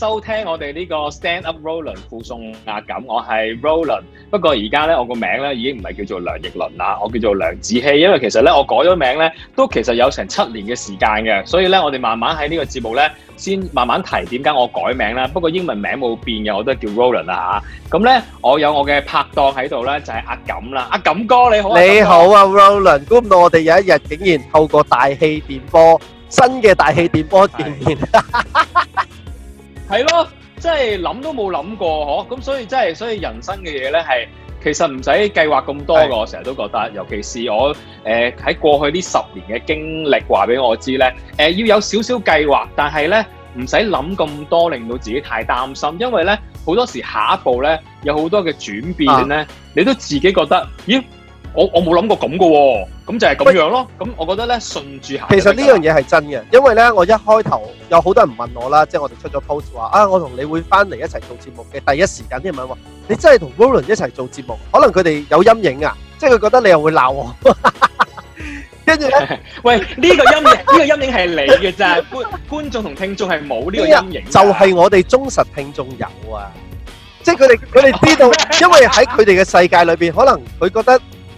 收聽我哋呢個 Stand Up Roland 附送阿錦，我係 Roland，不過而家呢我個名呢已經唔係叫做梁奕倫啦，我叫做梁子希，因為其實呢我改咗名呢，都其實有成七年嘅時間嘅，所以呢我哋慢慢喺呢個節目呢，先慢慢提點解我改名啦。不過英文名冇變嘅，我都係叫 Roland 啦吓。咁呢我有我嘅拍檔喺度呢，就係阿錦啦，阿錦哥你好，你好啊 Roland，估唔到我哋有一日竟然透過大氣電波，新嘅大氣電波見面。係咯，即係諗都冇諗過嗬，咁所以真係，所以人生嘅嘢咧，係其實唔使計劃咁多噶。我成日都覺得，尤其是我誒喺過去呢十年嘅經歷，話俾我知咧，誒要有少少計劃，但係咧唔使諗咁多，令到自己太擔心。因為咧好多時下一步咧有好多嘅轉變咧，你都自己覺得，咦，我我冇諗過咁噶喎。咁就係咁樣咯。咁我覺得咧，順住行。其實呢樣嘢係真嘅，因為咧，我一開頭有好多人問我啦，即係我哋出咗 post 話啊，我同你會翻嚟一齊做節目嘅第一時間先問你，真係同 Willen 一齊做節目，可能佢哋有陰影啊，即係佢覺得你又會鬧我。跟住，喂，呢個陰影，呢個陰影係你嘅啫，觀觀眾同聽眾係冇呢個陰影，就係我哋忠實聽眾有啊，即係佢哋佢哋知道，因為喺佢哋嘅世界裏邊，可能佢覺得。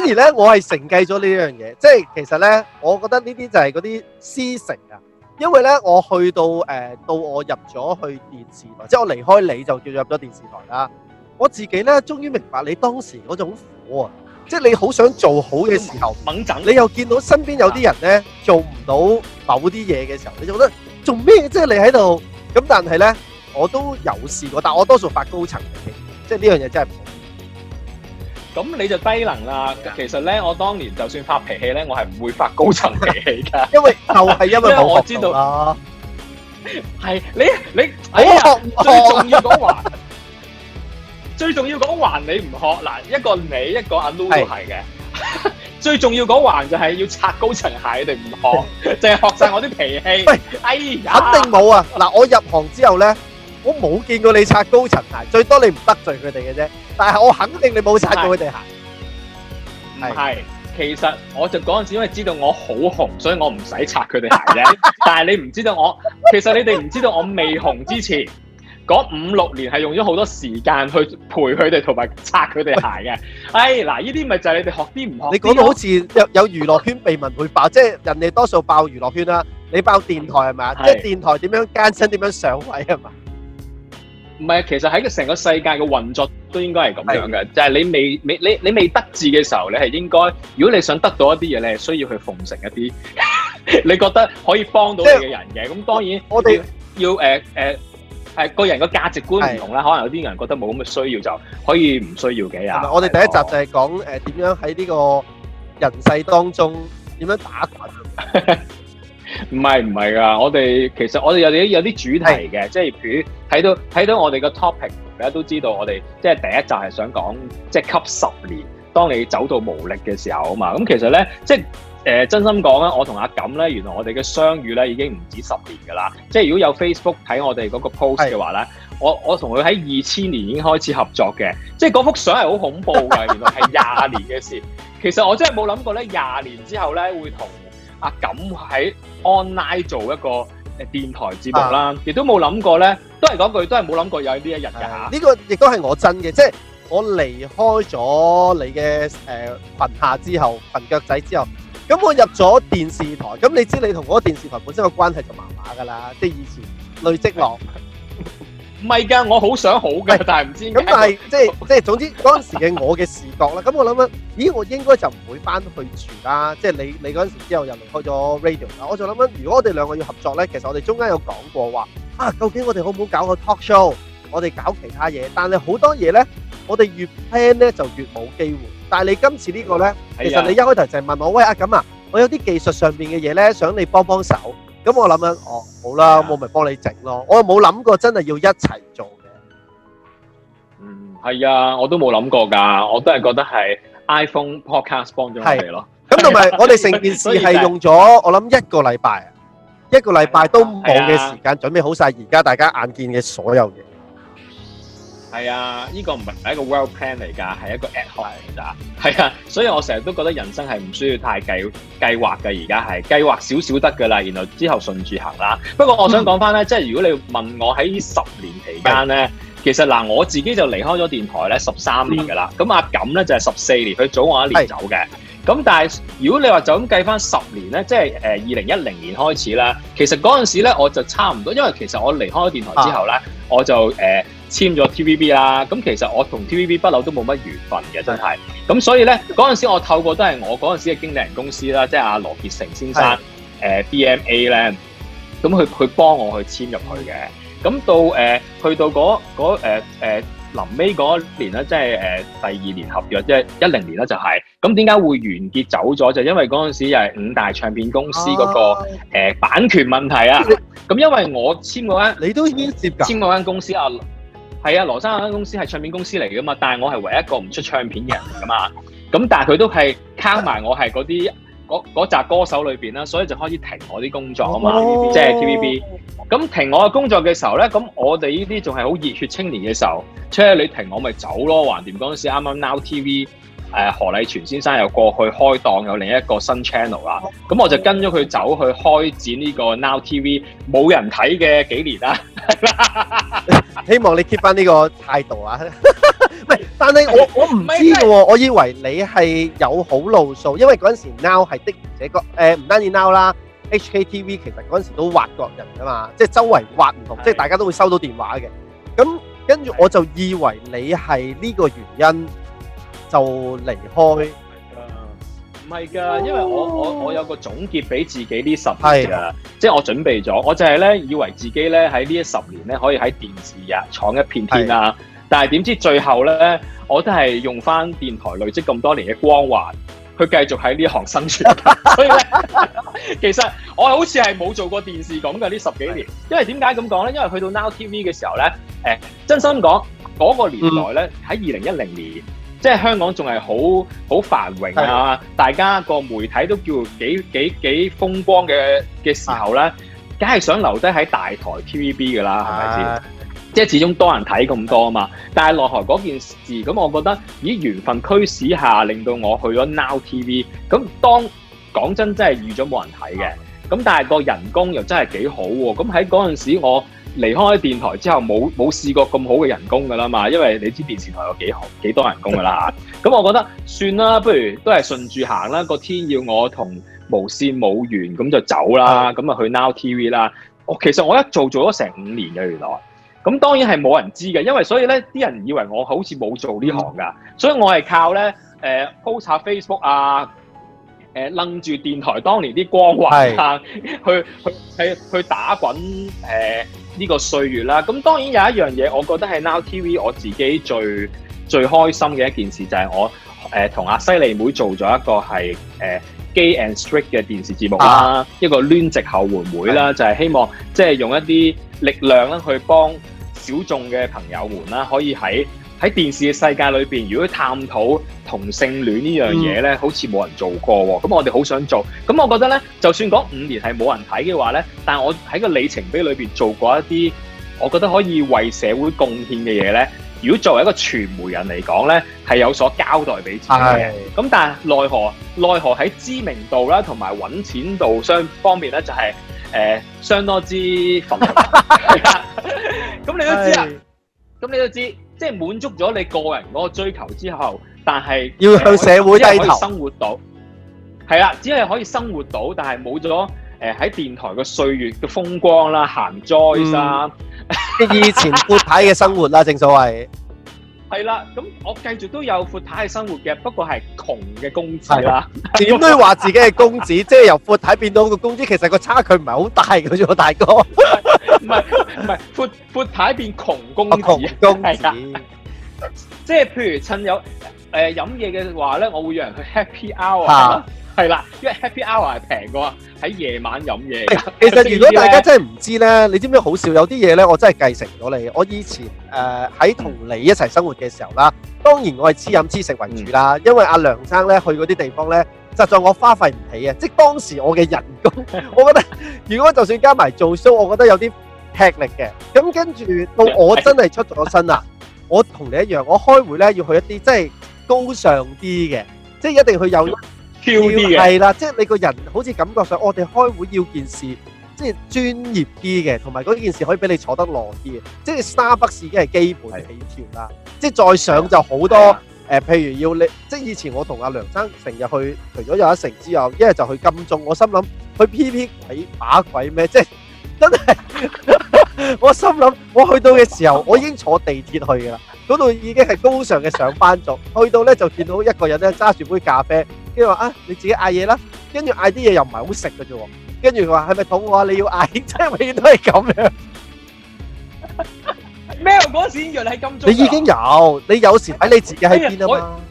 反而咧，我係承繼咗呢樣嘢，即係其實咧，我覺得呢啲就係嗰啲師承啊。因為咧，我去到誒、呃，到我入咗去電視台，即係我離開你就叫入咗電視台啦。我自己咧，終於明白你當時嗰種苦啊，即係你好想做好嘅時候，掹緊，猛猛你又見到身邊有啲人咧做唔到某啲嘢嘅時候，你就覺得做咩？即係你喺度咁，但係咧，我都有試過，但係我多數發高層嘅，即係呢樣嘢真係。咁你就低能啦！其實咧，我當年就算發脾氣咧，我係唔會發高層脾氣噶，因為就係因為我我知道啦。係你你哎呀！最重要嗰環，最重要嗰環你唔學嗱，一個你一個阿 Lulu 係嘅。最重要嗰環就係要拆高層鞋，你哋唔學，淨係學曬我啲脾氣。喂，哎呀，肯定冇啊！嗱，我入行之後咧。我冇見過你擦高層鞋，最多你唔得罪佢哋嘅啫。但係我肯定你冇擦過佢哋鞋，係係。其實我就嗰陣時，因為知道我好紅，所以我唔使擦佢哋鞋啫。 但係你唔知道我，其實你哋唔知道我未紅之前嗰五六年，係用咗好多時間去陪佢哋同埋擦佢哋鞋嘅。 哎嗱，呢啲咪就係你哋學啲唔學？你講到好似有有娛樂圈秘聞會爆， 即係人哋多數爆娛樂圈啦，你爆電台係咪啊？即係是電台點樣艱辛，點樣上位係嘛？唔係，其實喺個成個世界嘅運作都應該係咁樣嘅，就係你未你你你未得志嘅時候，你係應該，如果你想得到一啲嘢，你係需要去奉承一啲，你覺得可以幫到你嘅人嘅。咁當然我哋要誒誒，係個人嘅價值觀唔同啦，可能有啲人覺得冇咁嘅需要就可以唔需要嘅呀。我哋第一集就係講誒點樣喺呢個人世當中點樣打滾。唔係唔係噶，我哋其實我哋有啲有啲主題嘅，是即係譬如睇到睇到我哋個 topic，大家都知道我哋即係第一集係想講即係給十年，當你走到無力嘅時候啊嘛。咁、嗯、其實呢，即係誒、呃，真心講啦，我同阿錦呢，原來我哋嘅相遇呢已經唔止十年噶啦。即係如果有 Facebook 睇我哋嗰個 post 嘅話呢，是我我同佢喺二千年已經開始合作嘅。即係嗰幅相係好恐怖嘅， 原來係廿年嘅事。其實我真係冇諗過呢，廿年之後呢會同。啊咁喺 online 做一個誒電台節目啦，亦都冇諗過咧，都係講句，都係冇諗過有呢一日嘅吓。呢、啊這個亦都係我的真嘅，即係得我離開咗你嘅誒裙下之後，裙腳仔之後，咁我入咗電視台，咁你知你同我電視台本身嘅關係就麻麻噶啦，即係以前累積落。的 唔係㗎，我好想好㗎，是的但係唔知、就是。咁但係即係總之嗰陣時嘅我嘅視角咧，咁 我諗啊，咦，我應該就唔會返去住啦。即係你你嗰陣時之後又離開咗 Radio，我就諗啊，如果我哋兩個要合作咧，其實我哋中間有講過話，啊，究竟我哋可唔可以搞個 talk show，我哋搞其他嘢。但係好多嘢咧，我哋越 plan 咧就越冇機會。但係你今次呢個呢，的其實你一開頭就問我，喂，啊，咁啊，我有啲技術上面嘅嘢咧，想你幫幫手。咁我諗緊，哦，好啦，我咪幫你整咯。我冇諗過真係要一齊做嘅。嗯，係啊，我都冇諗過噶我都係覺得係 iPhone Podcast 幫咗你咯。咁同埋我哋成件事係用咗我諗一個禮拜，一個禮拜都冇嘅時間，準備好晒而家大家眼見嘅所有嘢。係啊，呢、這個唔係係一個 world plan 嚟噶，係一個 at h i n e 咋，係啊，所以我成日都覺得人生係唔需要太計計劃嘅，而家係計劃少少得噶啦，然後之後順住行啦。不過我想講翻咧，嗯、即係如果你問我喺十年期間咧，是其實嗱、呃、我自己就離開咗電台咧十三年噶啦，咁、嗯、阿錦咧就係十四年，佢早我一年走嘅。咁是但係如果你話就咁計翻十年咧，即係誒二零一零年開始啦，其實嗰陣時咧我就差唔多，因為其實我離開咗電台之後咧、啊，我就誒。呃簽咗 TVB 啦，咁其實我同 TVB 不嬲都冇乜緣分嘅，真係。咁所以咧，嗰陣時我透過都係我嗰陣時嘅經理人公司啦，即係阿羅傑成先生，誒 BMA 咧，咁佢佢幫我去簽入去嘅。咁到誒、呃、去到嗰嗰誒臨尾年咧，即係誒第二年合約，即係一零年咧就係、係。咁點解會完結走咗？就係、因為嗰陣時又係五大唱片公司嗰、嗰個、啊呃、版權問題啊。咁的因為我簽嗰間，你都已涉、啊、簽嗰間公司啊。係啊，羅生嗰間公司係唱片公司嚟噶嘛，但係我係唯一一個唔出唱片嘅人嚟噶嘛。咁但係佢都係卡埋我喺嗰啲嗰嗰扎歌手裏邊啦，所以就開始停我啲工作啊嘛。即係 TVB，咁停我嘅工作嘅時候咧，咁我哋呢啲仲係好熱血青年嘅時候，出嚟你停我，咪走咯，橫掂。嗰陣時啱啱 Now TV。誒，何禮全先生又過去開檔，有另一個新 channel 啦。咁我就跟咗佢走去開展呢個 Now TV 冇人睇嘅幾年啦。希望你 keep 返呢個態度啊！唔係，但係我我唔知嘅喎，我以為你係有好路數，因為嗰陣時 Now 係的而且確，誒，唔單止 Now 啦，HKTV 其實嗰陣時都挖角人噶嘛，即係周圍挖唔同，即係大家都會收到電話嘅。咁跟住我就以為你係呢個原因。就離開，唔係㗎，因為我我我有個總結俾自己呢十年㗎，的即係我準備咗，我就係呢以為自己呢喺呢一十年呢可以喺電視呀闖一片天啦，的但係點知最後呢，我都係用返電台累積咁多年嘅光環，去繼續喺呢行生存。 所以呢，其實我好似係冇做過電視噉嘅呢十幾年，的因為點解咁講呢？因為去到 Now TV 嘅時候呢，誒，真心講嗰、那個年代呢，喺二零一零年。嗯即係香港仲係好好繁榮啊！的大家個媒體都叫幾幾幾風光嘅嘅時候呢，梗係、啊、想留低喺大台 TVB 嘅啦，係咪先？即係始終多人睇咁多啊嘛！但係落台嗰件事，咁我覺得以緣分驅使下，令到我去咗 Now TV。咁當講真，真係預咗冇人睇嘅。咁、啊、但係個人工又真係幾好喎、啊。咁喺嗰陣時我，離開電台之後冇冇試過咁好嘅人工㗎啦嘛，因為你知電視台有幾好幾多人工㗎啦。咁我覺得算啦，不如都係順住行啦。個天要我同無線冇緣，咁就走啦。咁啊的去 Now TV 啦。我、哦、其實我一做做咗成五年嘅原來，咁當然係冇人知嘅，因為所以咧啲人以為我好似冇做呢行㗎，嗯、所以我係靠咧誒、呃、po 吓 Facebook 啊，誒楞住電台當年啲光環啊，的 去去去去，去，去打滾誒。呃呢個歲月啦，咁當然有一樣嘢，我覺得係 Now TV 我自己最最開心嘅一件事就，就係我誒同阿西利妹做咗一個係誒、呃、gay and straight 嘅電視節目啦，啊、一個攣直後援會啦是，就係希望即係用一啲力量啦，去幫小眾嘅朋友們啦，可以喺。喺電視嘅世界裏邊，如果探討同性戀呢樣嘢呢，好似冇人做過喎。咁我哋好想做。咁我覺得呢，就算講五年係冇人睇嘅話呢，但我喺個里程碑裏邊做過一啲，我覺得可以為社會貢獻嘅嘢呢。如果作為一個傳媒人嚟講呢，係有所交代俾自己嘅。咁吧但係奈何奈何喺知名度啦，同埋揾錢度相方面呢，就係、是、誒相當之奮鬥。咁 你都知啊？咁對你都知。即係滿足咗你個人嗰個追求之後，但係要向社會低頭，呃、生活到係啦、 啊，只係可以生活到，但係冇咗誒喺電台嘅歲月嘅風光啦，行 Joyce 啦、嗯， 以前闊太嘅生活啦， 正所謂。係啦，咁我繼續都有闊太嘅生活嘅，不過係窮嘅公子啦。點都要話自己係公子， 即係由闊太變到個公子，其實個差距唔係好大嘅啫，大哥。唔係唔係闊闊太變窮公子，啊、公子。的 即係譬如趁有誒飲嘢嘅話咧，我會讓人去 Happy Hour 哈。係啦，因為 Happy Hour 係平過喺夜晚飲嘢。其實，如果大家真係唔知咧， 你知唔知好笑？有啲嘢咧，我真係繼承咗你。我以前誒喺同你一齊生活嘅時候啦，當然我係黐飲黐食為主啦。因為阿梁生咧去嗰啲地方咧，實在我花費唔起啊。即當時我嘅人工，我覺得 如果就算加埋做 show，我覺得有啲吃力嘅。咁跟住到我真係出咗身啦， 我同你一樣，我開會咧要去一啲即係高尚啲嘅，即係一定去有。要係啦，即係、就是、你個人好似感覺上，我哋開會要件事，即係專業啲嘅，同埋嗰件事可以俾你坐得耐啲嘅。即係沙北市已經係基本起跳啦，的即係再上就好多誒的、呃。譬如要你，即係以前我同阿梁生成日去，除咗有一城之後，一係就去金鐘。我心諗去 P P 鬼把鬼咩？即係真係 我心諗，我去到嘅時候，我已經坐地鐵去噶啦。嗰度已經係高尚嘅上班族，去到咧就見到一個人咧揸住杯咖啡。佢話啊，你自己嗌嘢啦，跟住嗌啲嘢又唔係好食嘅啫，跟住佢話係咪肚餓啊？你要嗌，真係永遠都係咁樣。咩 我嗰時藥係咁早，你已經有，你有時睇你自己喺邊啊嘛。哎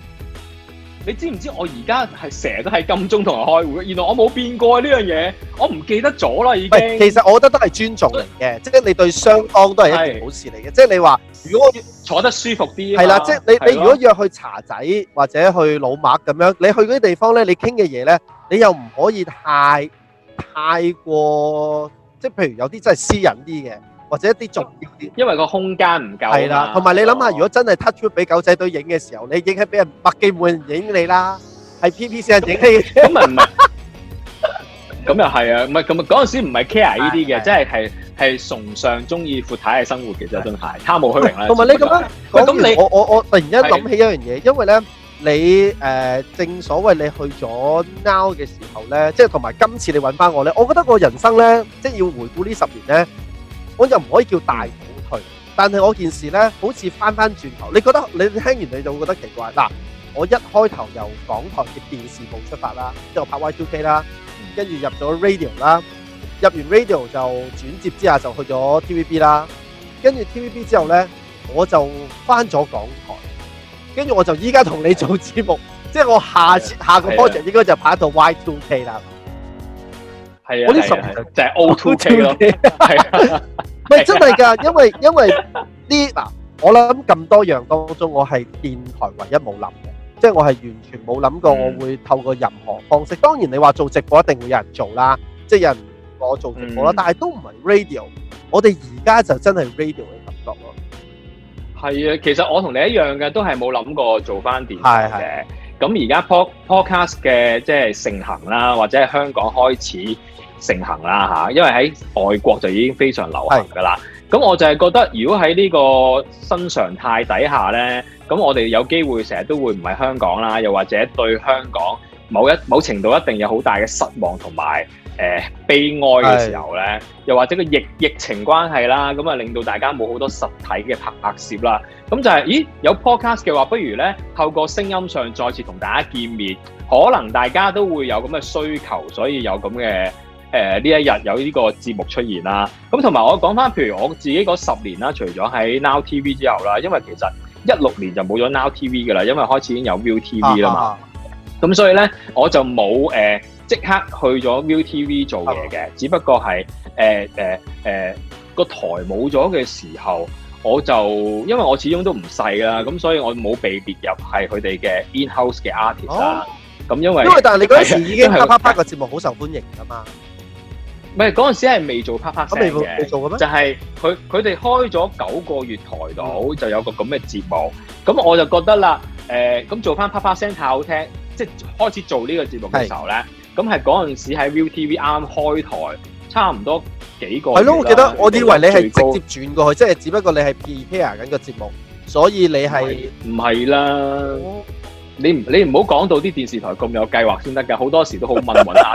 你知唔知我而家係成日都係金鐘同人開會，原來我冇變過呢樣嘢，我唔記得咗啦已經了了。其實我覺得都係尊重嚟嘅，即係、嗯、你對雙方都係一件好事嚟嘅。即係你話，如果我坐得舒服啲，係啦，即係你你如果約去茶仔或者去老麥咁樣，你去嗰啲地方咧，你傾嘅嘢咧，你又唔可以太太過，即係譬如有啲真係私隱啲嘅。或者一啲重要啲，因為個空間唔夠係啦。同埋你諗下，如果真係 touch up 俾狗仔隊影嘅時候，你影起俾人麥基換影你啦，係 P P C 影你咁咪唔係咁又係啊？唔係咁啊！嗰陣時唔係 care 呢啲嘅，即係係係崇尚中意闊太嘅生活嘅就真係貪慕虛榮啦。同埋你咁樣講完，咁你我我我突然間諗起一樣嘢，因為咧你誒正所謂你去咗 Now 嘅時候咧，即係同埋今次你揾翻我咧，我覺得我人生咧即係要回顧呢十年咧。我就唔可以叫大倒退，但係我件事咧，好似翻翻轉頭，你覺得你聽完你就會覺得奇怪。嗱，我一開頭由港台嘅電視部出發就啦，之後拍 Y2K 啦，跟住入咗 radio 啦，入完 radio 就轉接之下就去咗 TVB 啦，跟住 TVB 之後咧，我就翻咗港台，跟住我就依家同你做節目，即係我下次的下個 project 應該就拍一套 Y2K 啦，係啊，我呢十年就就係、O2K 咯，係啊。 唔係真係㗎，因為因為呢，嗱，我諗咁多樣當中，我係電台唯一冇諗嘅，即係我係完全冇諗過我會透過任何方式。當然你話做直播一定會有人做啦，即係有人我做直播啦，但係都唔係 radio。我哋而家就真係 radio 嘅感覺咯。係啊，其實我同你一樣嘅，都係冇諗過做返電台嘅。咁而家 pod podcast 嘅即係盛行啦，或者係香港開始。盛行啦吓，因為喺外國就已經非常流行㗎啦。咁是的 我就係覺得，如果喺呢個新常態底下咧，咁我哋有機會成日都會唔係香港啦，又或者對香港某一某程度一定有好大嘅失望同埋誒悲哀嘅時候咧，是的 又或者個疫疫情關係啦，咁啊令到大家冇好多實體嘅拍拍攝啦。咁就係、是、咦有 podcast 嘅話不如咧透過聲音上再次同大家見面，可能大家都會有咁嘅需求，所以有咁嘅。誒呢、呃、一日有呢個節目出現啦，咁同埋我講翻，譬如我自己嗰十年啦，除咗喺 Now TV 之後啦，因為其實一六年就冇咗 Now TV 噶啦，因為開始已經有 ViuTV 啦嘛，咁、啊啊、所以咧我就冇誒即刻去咗 ViuTV 做嘢嘅。啊、只不過係誒誒誒個台冇咗嘅時候，我就因為我始終都唔細啦，咁所以我冇被列入係佢哋嘅 in house 嘅 artist 啦、啊，咁、啊、因為因為但係你嗰時已經啪啪啪嘅節目好受歡迎噶嘛。媽媽唔係嗰陣時係未做啪啪聲嘅，就係佢佢哋開咗九個月台度就有個咁嘅節目，咁我就覺得啦，誒咁做翻啪啪聲太好聽，即係開始做呢個節目嘅時候咧，咁係嗰陣時喺 Viu TV 啱啱開台，差唔多幾個月。係咯，我記得，我以為你係直接轉過去，即係只不過你係 prepare 緊個節目，所以你係唔係啦？你你唔好講到啲電視台咁有計劃先得㗎，好多時都好問問下。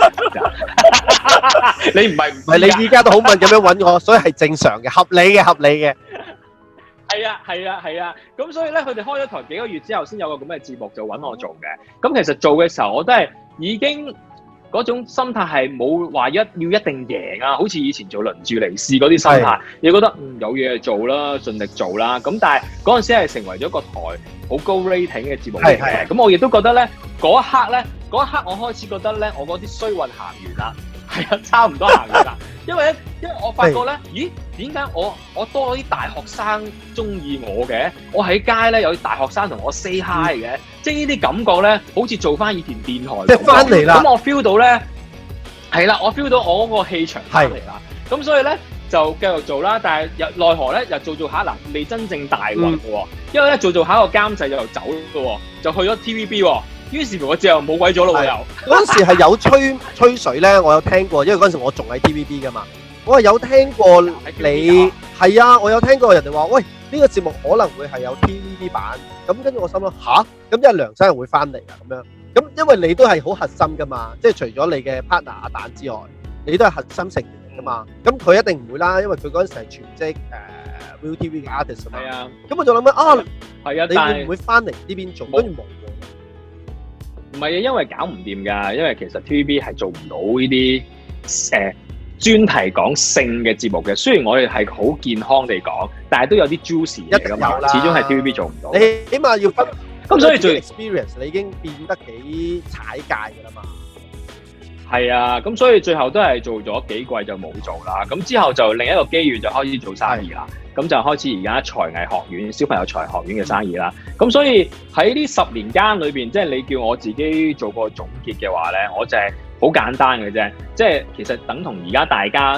你唔係唔係？你依家都好問咁樣揾我，所以係正常嘅，合理嘅，合理嘅。係啊，係啊，係啊。咁所以咧，佢哋開咗台幾個月之後，先有個咁嘅節目就揾我做嘅。咁其實做嘅時候，我都係已經嗰種心態係冇話一要一定贏啊，好似以前做輪住嚟試嗰啲心態。你覺得嗯，有嘢做啦，盡力做啦。咁但係嗰陣時係成為咗個台好高 rating 嘅節目嚟嘅。咁我亦都覺得咧，嗰一刻咧，嗰一刻我開始覺得咧，我嗰啲衰運行完啦。係啊， 差唔多行噶啦。因為咧，因為我發覺咧，是咦？點解我我多咗啲大學生中意我嘅？我喺街咧有啲大學生同我 say hi 嘅，嗯、即係呢啲感覺咧，好似做翻以前電台。即翻嚟啦。咁我 feel 到咧，係啦，我 feel 到我個氣場翻嚟啦。咁是所以咧就繼續做啦。但係又奈何咧，又做做下嗱未真正大運嘅喎。嗯、因為咧做做下個監製又走咯喎，就去咗 TVB 喎。於是乎我之後冇鬼咗咯，我又嗰陣時係有吹吹水咧，我有聽過，因為嗰陣時我仲喺 TVB 噶嘛，我係有聽過你係啊，我有聽過，在 TV，有聽過人哋話，喂呢個節目可能會係有 TVB 版，咁跟住我心諗吓，咁即係梁生會翻嚟啊咁樣，咁因為你都係好核心噶嘛，即係除咗你嘅 partner 阿蛋之外，你都係核心成員噶嘛，咁佢一定唔會啦，因為佢嗰陣時係全職誒 ViuTV 嘅 artist 啊嘛，咁的我就諗啊，係啊的，你會唔會翻嚟呢邊做跟住冇？是唔係，因為搞唔掂㗎。因為其實 TVB 係做唔到呢啲誒專題講性嘅節目嘅。雖然我哋係好健康地講，但係都有啲 juicy 嘅，咁始終係 TVB 做唔到。你起碼要分。咁、嗯，所以最 experience，以你已經變得幾踩界噶啦嘛。係啊，咁所以最後都係做咗幾季就冇做啦。咁之後就另一個機遇就開始做生意啦。咁是就開始而家財藝學院、小朋友財學院嘅生意啦。咁、嗯、所以喺呢十年間裏邊，即係你叫我自己做個總結嘅話呢，我就係好簡單嘅啫。即係其實等同而家大家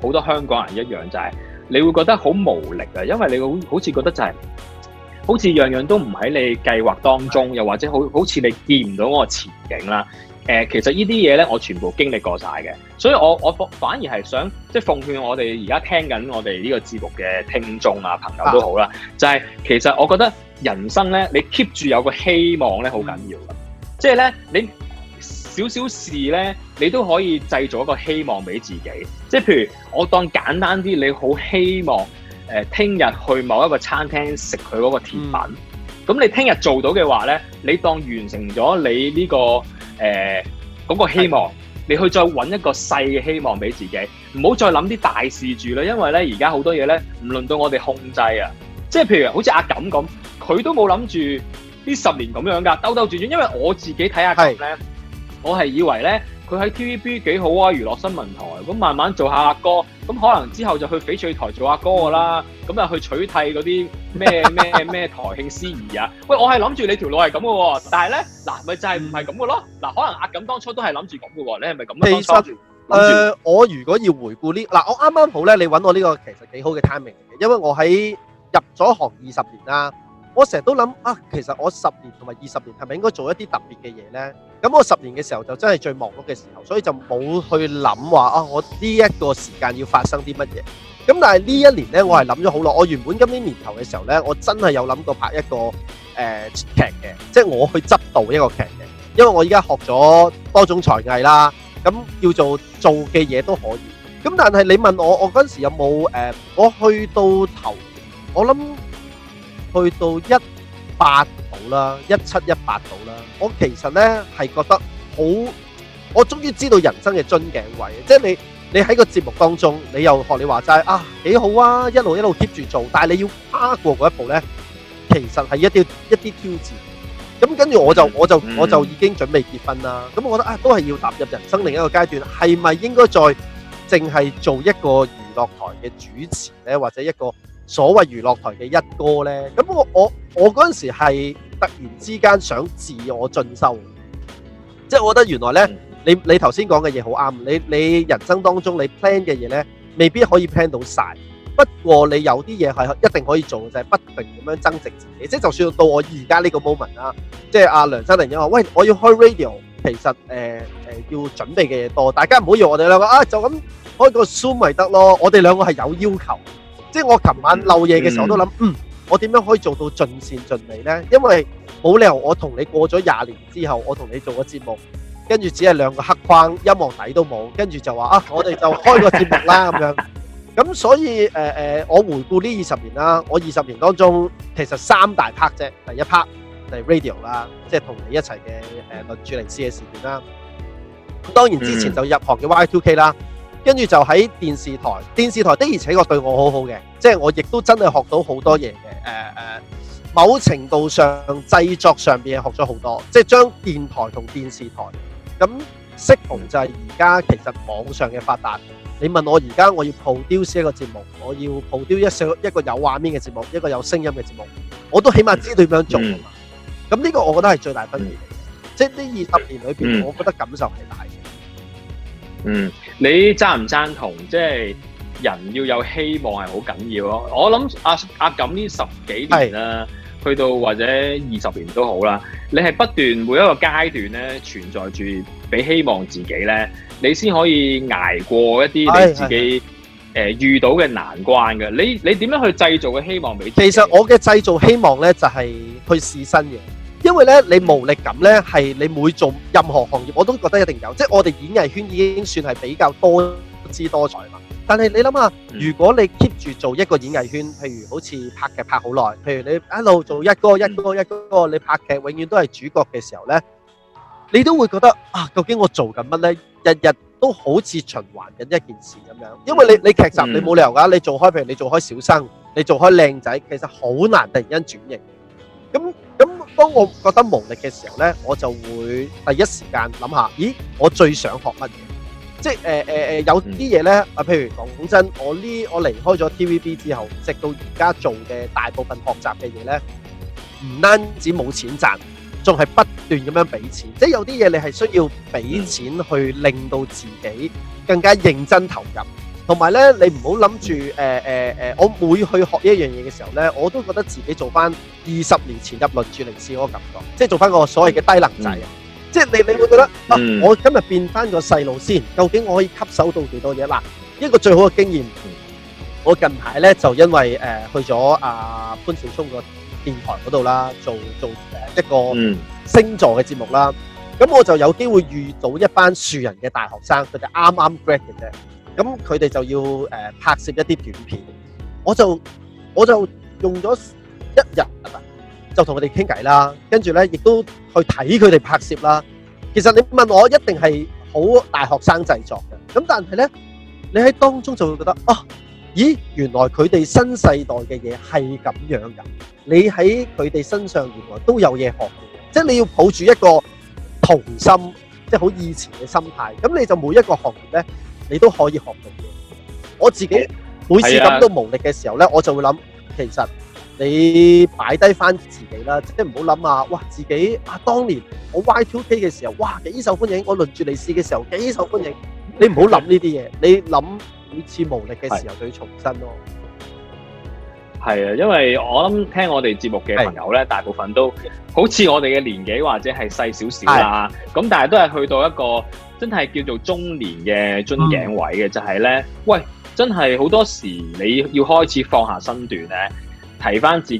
好多香港人一樣，就係你會覺得好無力啊，因為你好好似覺得就係、是、好似樣樣都唔喺你計劃當中，是又或者好好似你見唔到嗰個前景啦。誒、呃，其實呢啲嘢呢，我全部經歷過晒嘅，所以我我反而係想，即係奉勸我哋而家聽緊我哋呢個節目嘅聽眾啊朋友都好啦，啊、就係、是、其實我覺得人生呢，你 keep 住有個希望呢，好緊要。即係呢，你少少事呢，你都可以製造一個希望俾自己。即、就、係、是、譬如我當簡單啲，你好希望誒，聽、呃、日去某一個餐廳食佢嗰個甜品。咁、嗯、你聽日做到嘅話呢，你當完成咗你呢、呢個。誒嗰、呃嗰個希望，的你去再揾一個細嘅希望俾自己，唔好再諗啲大事住啦。因為咧，而家好多嘢咧唔輪到我哋控制啊。即係譬如好似阿錦咁，佢都冇諗住呢十年咁樣噶，兜兜轉轉。因為我自己睇阿錦咧，的我係以為咧佢喺 TVB 幾好啊，娛樂新聞台咁慢慢做下阿哥。咁可能之後就去翡翠台做阿哥噶啦，咁啊去取締嗰啲咩咩咩台慶司儀啊？喂，我係諗住你條路係咁嘅喎，但係呢，嗱、啊、咪就係唔係咁嘅咯？嗱、啊，可能阿錦當初都係諗住咁嘅喎，你係咪咁啊？其實，誒算、呃，我如果要回顧呢，嗱、啊，我啱啱好呢，你揾我呢個其實幾好嘅 timing 嘅，因為我喺入咗行二十年啦。我成日都諗啊，其實我十年同埋二十年係咪應該做一啲特別嘅嘢呢？咁我十年嘅時候就真係最忙碌嘅時候，所以就冇去諗話啊，我呢一個時間要發生啲乜嘢。咁但係呢一年呢，我係諗咗好耐。我原本今年年頭嘅時候呢，我真係有諗過拍一個誒劇嘅，即係我去執導一個劇嘅，因為我而家學咗多種才藝啦，咁、啊、叫做做嘅嘢都可以。咁但係你問我，我嗰時有冇誒、呃，我去到頭，我諗。去到一八度啦，一七一八度啦。我其實呢係覺得好，我終於知道人生嘅樽頸位，即係你你喺個節目當中，你又學你話齋啊幾好啊，一路一路 keep 住做，但係你要跨過嗰一步呢，其實係一啲一啲挑戰。咁跟住我就我就我就已經準備結婚啦。咁我覺得啊，都係要踏入人生另一個階段，係咪應該再淨係做一個娛樂台嘅主持呢，或者一個所謂娛樂台嘅一哥咧，咁我我我嗰陣時係突然之間想自我進修，即係我覺得原來咧、嗯，你你頭先講嘅嘢好啱，你你人生當中你 plan 嘅嘢咧，未必可以 plan 到晒。不過你有啲嘢係一定可以做嘅，就係、是、不停咁樣增值自己。即係就算到我而家呢個 moment 啦，即係阿梁生玲姐話：喂，我要開 radio，其實誒誒、呃呃、要準備嘅嘢多，大家唔好以為我哋兩個啊就咁開個 show 咪得咯，我哋兩個係有要求。即係我琴晚漏嘢嘅時候，我都諗，嗯，我點樣可以做到盡善盡美咧？因為冇理由我同你過咗廿年之後，我同你做個節目，跟住只係兩個黑框，音樂底都冇，跟住就話啊，我哋就開個節目啦咁樣。咁所以誒誒、呃呃，我回顧呢二十年啦，我二十年當中其實三大 part 啫。第一 part 就係 radio 啦，即係同你一齊嘅誒輪駐嚟試嘅事件啦。咁當然之前就入行嘅 Y2K 啦。跟住就喺電視台，電視台的而且確對我好好嘅，即係我亦都真係學到好多嘢嘅。誒誒，某程度上製作上邊學咗好多，即係將電台同電視台咁，適逢就係而家其實網上嘅發達。你問我而家我要 produce 一個節目，我要 produce 一上一個有畫面嘅節目，一個有聲音嘅節目，我都起碼知道點樣做。咁呢 個我覺得係最大分別嚟嘅，即係呢二十年裏邊，我覺得感受係大嘅。嗯，你贊唔贊同？即係人要有希望係好緊要咯。我諗阿阿錦呢十幾年啦，是去到或者二十年都好啦，你係不斷每一個階段咧存在住俾希望自己咧，你先可以捱過一啲你自己誒、呃、遇到嘅難關嘅。你你點樣去製造個希望俾自己？其實我嘅製造希望咧就係、是、去試新嘢。因為咧，你無力感咧係你每做任何行業，我都覺得一定有。即係我哋演藝圈已經算係比較多姿多彩嘛。但係你諗下，如果你 keep 住做一個演藝圈，譬如好似拍劇拍好耐，譬如你一路做一個一個一個你拍劇永遠都係主角嘅時候咧，你都會覺得啊，究竟我做緊乜咧？日日都好似循環緊一件事咁樣。因為你你劇集你冇理由噶，你做開譬如你做開小生，你做開靚仔，其實好難突然間轉型。咁當我覺得無力嘅時候咧，我就會第一時間諗下，咦，我最想學乜嘢？即係誒誒誒，有啲嘢咧啊，譬如講講真，我呢，我離開咗 TVB 之後，直到而家做嘅大部分學習嘅嘢咧，唔單止冇錢賺，仲係不斷咁樣俾錢。即係有啲嘢你係需要俾錢去令到自己更加認真投入。同埋咧，你唔好諗住，誒誒誒，我每去學一樣嘢嘅時候咧，我都覺得自己做翻二十年前入輪轉嚟試嗰個感覺，即係做翻個所謂嘅低能仔啊。嗯、即係你，你會覺得啊，我今日變翻個細路先，究竟我可以吸收到幾多嘢？嗱、啊，一個最好嘅經驗，我近排咧就因為誒去咗阿、啊、潘紹聰個電台嗰度啦，做做誒一個星座嘅節目啦。咁、嗯、我就有機會遇到一班樹仁嘅大學生，佢哋啱啱 grad 嘅啫。咁佢哋就要誒拍攝一啲短片，我就我就用咗一日啊嘛，就同佢哋傾偈啦，跟住咧亦都去睇佢哋拍攝啦。其實你問我，一定係好大學生製作嘅。咁但係咧，你喺當中就會覺得啊，咦，原來佢哋新世代嘅嘢係咁樣㗎。你喺佢哋身上原來都有嘢學嘅，即係你要抱住一個童心，即係好以前嘅心態。咁你就每一個行業咧。你都可以學到嘢。我自己每次咁都無力嘅時候咧，我就會諗，其實你擺低翻自己啦，即係唔好諗啊！哇，自己啊，當年我 Y Two K 嘅時候，哇，幾受歡迎！我輪住你試嘅時候，幾受歡迎。你唔好諗呢啲嘢，你諗每次無力嘅時候就要重新咯。係啊，因為我諗聽我哋節目嘅朋友咧，大部分都好似我哋嘅年紀，或者係細少少啦。咁但係都係去到一個真係叫做中年嘅樽頸位嘅，就係、是、呢。喂，真係好多時你要開始放下身段呢，提返自己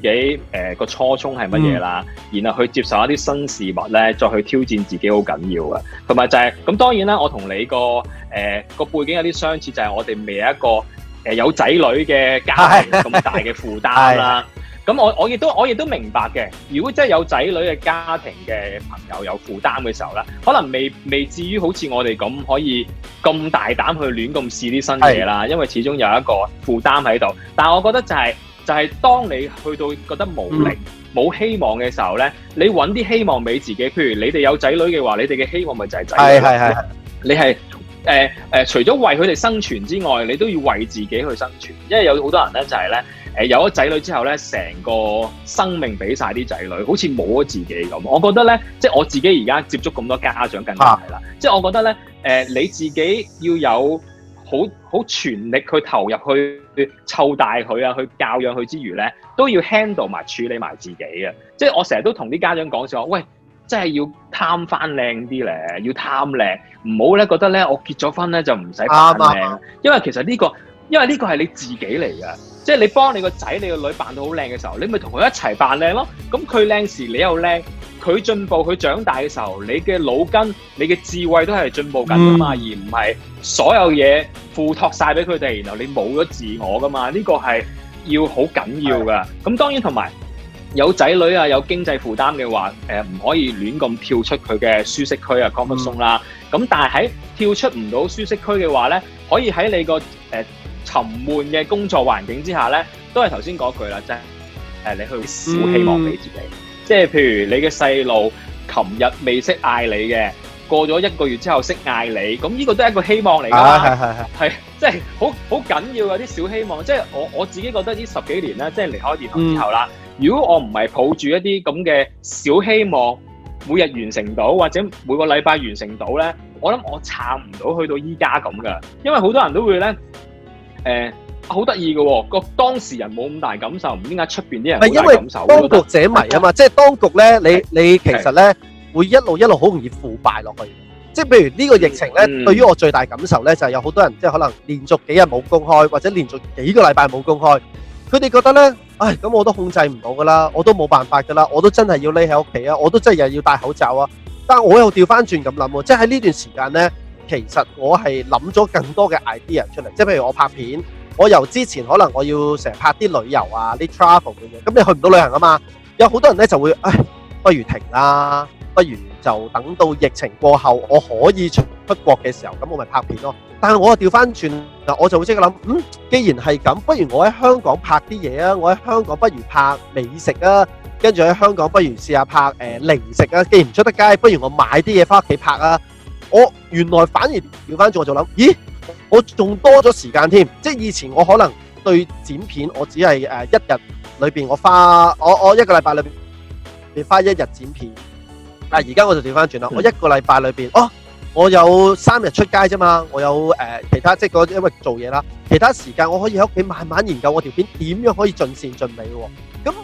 誒個初衷係乜嘢啦，嗯、然後去接受一啲新事物呢，再去挑戰自己好緊要嘅，同埋就係、是、咁當然啦，我同你、那個誒個、呃、背景有啲相似，就係、是、我哋未有一個誒、呃、有仔女嘅家庭咁大嘅負擔啦。 咁我我亦都我亦都明白嘅。如果真係有仔女嘅家庭嘅朋友有負擔嘅時候咧，可能未未至於好似我哋咁可以咁大膽去亂咁試啲新嘢啦。是因為始終有一個負擔喺度。但係我覺得就係、是、就係、是、當你去到覺得無力冇、嗯、希望嘅時候咧，你搵啲希望俾自己。譬如你哋有仔女嘅話，你哋嘅希望咪就係仔女。係係是你係誒誒，除咗為佢哋生存之外，你都要為自己去生存。因為有好多人咧、就是，就係咧。誒有咗仔女之後咧，成個生命俾晒啲仔女，好似冇咗自己咁。我覺得咧，即係我自己而家接觸咁多家長更加係啦。啊、即係我覺得咧，誒、呃、你自己要有好好全力去投入去湊大佢啊，去教養佢之餘咧，都要 handle 埋處理埋自己嘅。即係我成日都同啲家長講笑話，喂，真係要貪翻靚啲咧，要貪靚，唔好咧覺得咧我結咗婚咧就唔使貪靚。啊、因為其實呢、呢個，因為呢個係你自己嚟嘅。即係你幫你個仔、你個女扮到好靚嘅時候，你咪同佢一齊扮靚咯。咁佢靚時你又靚，佢進步佢長大嘅時候，你嘅腦筋、你嘅智慧都係進步緊㗎嘛。嗯、而唔係所有嘢附託晒俾佢哋，然後你冇咗自我噶嘛。呢、呢個係要好緊要噶。咁的當然同埋有仔女啊，有經濟負擔嘅話，誒、呃、唔可以亂咁跳出佢嘅舒適區啊 comfort zone 啦。咁、嗯嗯、但係喺跳出唔到舒適區嘅話咧，可以喺你個誒。呃沉悶嘅工作環境之下呢都係頭先嗰句啦，即係你去小希望俾自己，嗯、即係譬如你嘅細路，琴日未識嗌你嘅，過咗一個月之後識嗌你，咁呢個都係一個希望嚟㗎，係即係好好緊要嘅啲小希望，即係我我自己覺得呢十幾年呢，即係離開電台之後啦，嗯、如果我唔係抱住一啲咁嘅小希望，每日完成到或者每個禮拜完成到呢，我諗我撐唔到去到依家咁嘅，因為好多人都會呢。誒，好得意嘅喎，個當事人冇咁大感受，唔知點解出邊啲人好大感受。因為當局者迷啊嘛，即係當局咧，你你其實咧會一路一路好容易腐敗落去。即係譬如呢個疫情咧，對於我最大感受咧，就係有好多人即係可能連續幾日冇公開，或者連續幾個禮拜冇公開，佢哋覺得咧，唉，咁我都控制唔到噶啦，我都冇辦法噶啦，我都真係要匿喺屋企啊，我都真係又要戴口罩啊。但係我又調翻轉咁諗喎，即係喺呢段時間咧。其實我係諗咗更多嘅 idea 出嚟，即係譬如我拍片，我由之前可能我要成日拍啲旅遊啊、啲 travel 咁樣，咁你去唔到旅行啊嘛，有好多人咧就會唉，不如停啦，不如就等到疫情過後我可以出國嘅時候，咁我咪拍片咯。但係我又調翻轉，我就會即刻諗，嗯，既然係咁，不如我喺香港拍啲嘢啊，我喺香港不如拍美食啊，跟住喺香港不如試下拍誒、呃、零食啊，既然唔出得街，不如我買啲嘢翻屋企拍啊。我原來反而調翻轉，我就諗，咦，我仲多咗時間添，即係以前我可能對剪片我、呃我，我只係誒一日裏邊，我花我我一個禮拜裏邊你花一日剪片。但而家我就調翻轉啦，我一個禮拜裏邊，哦、啊，我有三日出街啫嘛，我有誒、呃、其他，即係嗰因為做嘢啦，其他時間我可以喺屋企慢慢研究我條片點樣可以盡善盡美喎。咁、啊、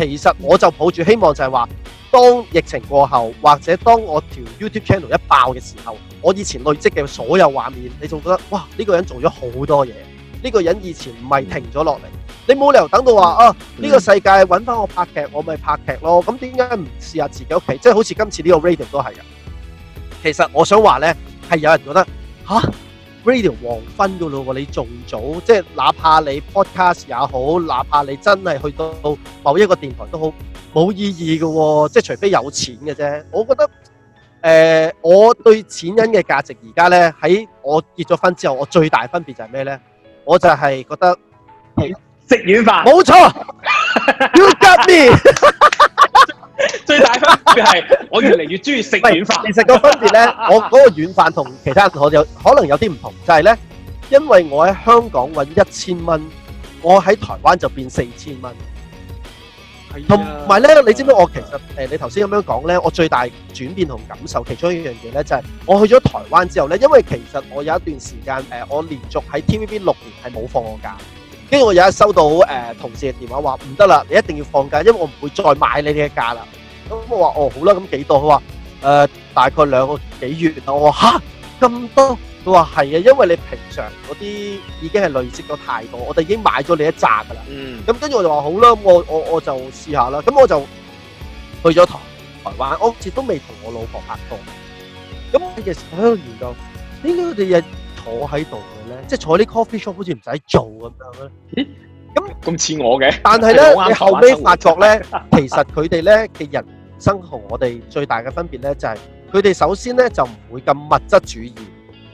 其實我就抱住希望就係話。當疫情過後，或者當我條 YouTube channel 一爆嘅時候，我以前累積嘅所有畫面，你仲覺得哇，呢個人做咗好多嘢，呢個人以前唔係停咗落嚟。你冇理由等到話啊，呢個世界揾翻我拍劇，我咪拍劇咯。咁點解唔試下自己屋企？即係好似今次呢個 Radio 都係嘅。其實我想話呢，係有人覺得吓。Radio 黃昏嘅咯喎，你仲早，即係哪怕你 podcast 也好，哪怕你真係去到某一個電台都好，冇意義嘅喎、哦，即係除非有錢嘅啫。我覺得誒、呃，我對錢人嘅價值而家咧，喺我結咗婚之後，我最大分別就係咩咧？我就係覺得你食軟飯，冇錯丸。You got me。 最大分別係，我越嚟越中意食軟飯。其實個分別呢，我嗰個軟飯同其他我有可能有啲唔同，就係呢：因為我喺香港揾一千蚊，我喺台灣就變四千蚊。係啊，同埋呢，你知唔知我其實誒，啊，你頭先咁樣講呢？我最大轉變同感受其中一樣嘢呢，就係我去咗台灣之後呢，因為其實我有一段時間誒，我連續喺 TVB 六年係冇放過假。跟住我有一收到誒、呃、同事嘅電話，話唔得啦，你一定要放假，因為我唔會再買你呢一假啦。咁我話哦好啦，咁、嗯、幾多？佢話誒大概兩個幾月。我話吓，咁多，佢話係啊，因為你平常嗰啲已經係累積咗太多，我哋已經買咗你一扎噶啦。嗯。咁跟住我就話好啦，我我我就試下啦。咁我就去咗台台灣，我好似都未同我老婆拍過。咁佢哋好熱鬧，點解佢哋嘅？這個坐喺度嘅咧，即係坐啲 coffee shop，好似唔使做咁樣咧。咦？咁咁似我嘅。但係咧，你後尾發覺咧， 其實佢哋咧嘅人生同我哋最大嘅分別咧，就係佢哋首先咧就唔會咁物質主義，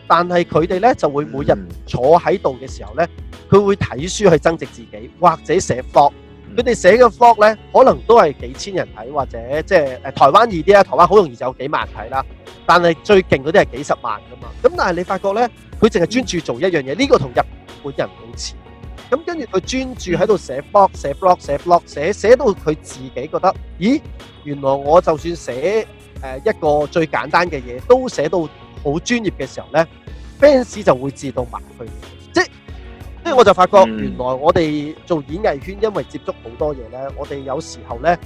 但係佢哋咧就會每日坐喺度嘅時候咧，佢會睇書去增值自己，或者寫 blog 佢哋寫嘅 blog 咧，可能都係幾千人睇，或者即係誒台灣易啲啦，台灣好容易就有幾萬睇啦。但係最勁嗰啲係幾十萬㗎嘛。咁但係你發覺咧，佢淨係專注做一樣嘢，呢個同日本人唔同。咁跟住佢專注喺度寫 blog、寫 blog、寫 blog，寫寫到佢自己覺得，咦，原來我就算寫誒一個最簡單嘅嘢，都寫到好專業嘅時候咧，fans 就會自動買佢，即係。所以我就發覺，原來我哋做演藝圈，因為接觸好多嘢咧，我哋有時候咧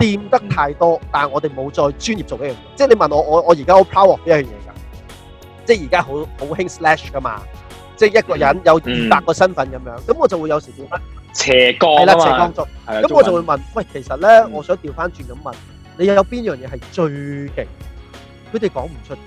掂得太多，但係我哋冇再專業做一樣嘢。即係你問我，我我而家好 power 呢樣嘢噶，即係而家好好興 slash 噶嘛，即係一個人有五百個身份咁樣，咁、嗯嗯、我就會有時調翻斜槓係啦，斜槓族。咁、嗯、我就會問，喂，其實咧，嗯、我想調翻轉咁問，你又有邊樣嘢係最勁？佢哋講唔出噶。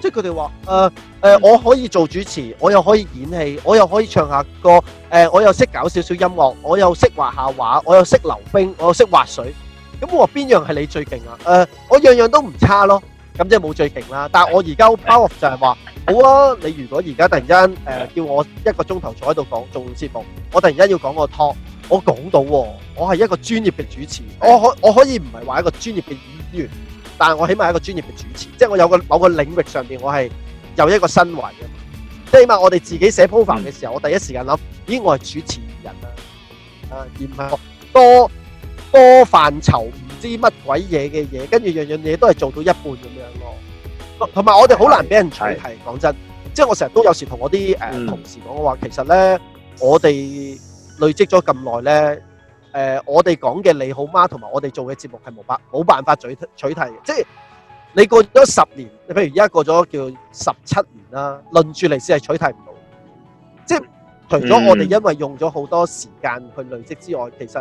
即係佢哋話誒誒，我可以做主持，我又可以演戲，我又可以唱下歌，誒、呃、我又識搞少少音樂，我又識畫下畫，我又識溜冰，我又識滑水。咁我話邊樣係你最勁啊？誒、呃，我樣樣都唔差咯，咁即係冇最勁啦。但係我而家包我就係話，好啊！你如果而家突然間誒、呃、叫我一個鐘頭坐喺度講做節目，我突然間要講個 talk，啊，我講到我係一個專業嘅主持，我可我可以唔係話一個專業嘅演員。但係我起碼係一個專業嘅主持，即係我有個某個領域上邊，我係有一個身位嘅。即係起碼我哋自己寫 profile 嘅時候，我第一時間諗，咦，我係主持人啊，啊，而唔係多多範疇唔知乜鬼嘢嘅嘢，跟住樣樣嘢都係做到一半咁樣咯。同埋我哋好難俾人取締，講對真，對即係我成日都有時同我啲誒、呃、同事講，我話其實咧，我哋累積咗咁耐咧。誒，我哋講嘅你好嗎，同埋我哋做嘅節目係冇辦冇辦法取取替嘅，即係你過咗十年，你譬如而家過咗叫十七年啦，輪住嚟先係取替唔到，即係除咗我哋因為用咗好多時間去累積之外，其實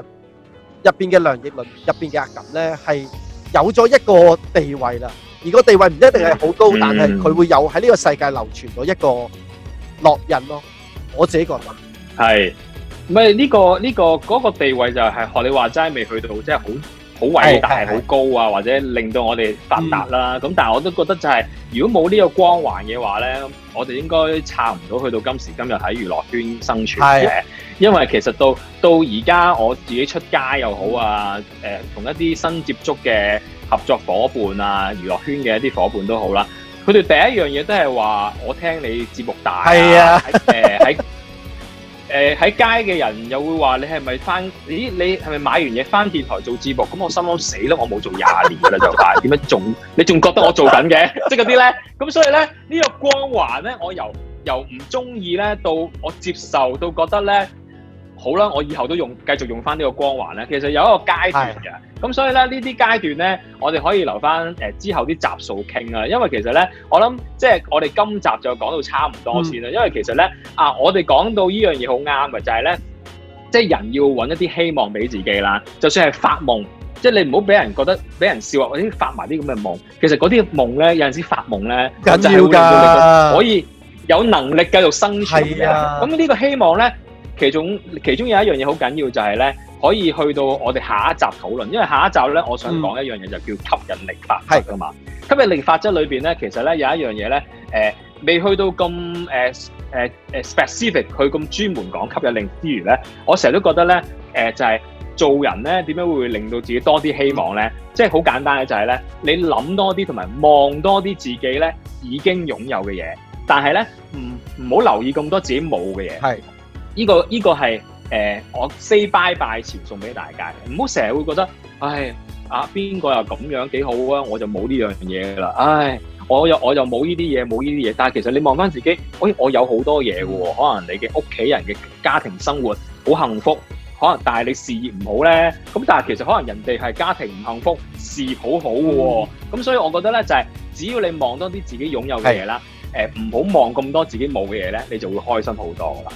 入邊嘅梁亦倫，入邊嘅阿錦咧係有咗一個地位啦。而個地位唔一定係好高，但係佢會有喺呢個世界流傳咗一個烙印咯。我自己個人係。唔係呢個呢、這個嗰、這個、地位就係、是、學你話齋未去到，即係好好偉大、好高啊，或者令到我哋發達啦。咁、嗯，但係我都覺得就係、是，如果冇呢個光環嘅話呢，我哋應該撐唔到去到今時今日喺娛樂圈生存嘅。對因為其實到到而家我自己出街又好啊，誒、呃、同一啲新接觸嘅合作伙伴啊，娛樂圈嘅一啲伙伴都好啦，佢哋第一樣嘢都係話我聽你節目大。係啊，喺。誒喺、呃、街嘅人又會話你係咪返？咦，你係咪買完嘢返電台做節目？咁我心諗死啦！我冇做廿年㗎啦就是，但點解仲？你仲覺得我做緊嘅？即係嗰啲呢。咁所以呢，呢、這個光環呢，我由由唔中意呢，到我接受，到覺得呢。好啦，我以後都用繼續用翻呢個光環咧。其實有一個階段嘅，咁的所以咧呢啲階段咧，我哋可以留翻誒、呃、之後啲集數傾啊。因為其實咧，我諗即係我哋今集就講到差唔多先啦。嗯、因為其實咧啊，我哋講到呢樣嘢好啱嘅，就係、是、咧，即係人要揾一啲希望俾自己啦。就算係發夢，即係你唔好俾人覺得俾人笑話，或者發埋啲咁嘅夢，其實嗰啲夢咧有陣時發夢咧，要就係會令到可以有能力繼續生存嘅。咁呢的個希望咧。其中其中有一樣嘢好緊要就呢，就係咧可以去到我哋下一集討論，因為下一集咧，我想講一樣嘢就叫吸引力法則啊、嗯、嘛。吸引力法則裏邊咧，其實咧有一樣嘢咧，誒、呃、未去到咁誒誒誒 specific，佢咁專門講吸引力之餘咧，我成日都覺得咧，誒、呃、就係、是、做人咧點樣會令到自己多啲希望咧，即係好簡單嘅就係咧，你諗多啲同埋望多啲自己咧已經擁有嘅嘢，但係咧唔唔好留意咁多自己冇嘅嘢。係。呢、這個依、這個係誒、呃，我 say bye bye 前送俾大家嘅，唔好成日會覺得，唉啊邊個又咁樣幾好啊？我就冇呢樣嘢噶啦，唉，我又我又冇呢啲嘢，冇呢啲嘢。但係其實你望翻自己，哎，我有好多嘢喎，可能你嘅屋企人嘅家庭生活好幸福，可能但係你事業唔好咧。咁但係其實可能人哋係家庭唔幸福，事業好好、啊、喎。咁、嗯、所以我覺得咧，就係、是、只要你望多啲自己擁有嘅嘢啦，誒是，唔好望咁多自己冇嘅嘢咧，你就會開心好多噶啦。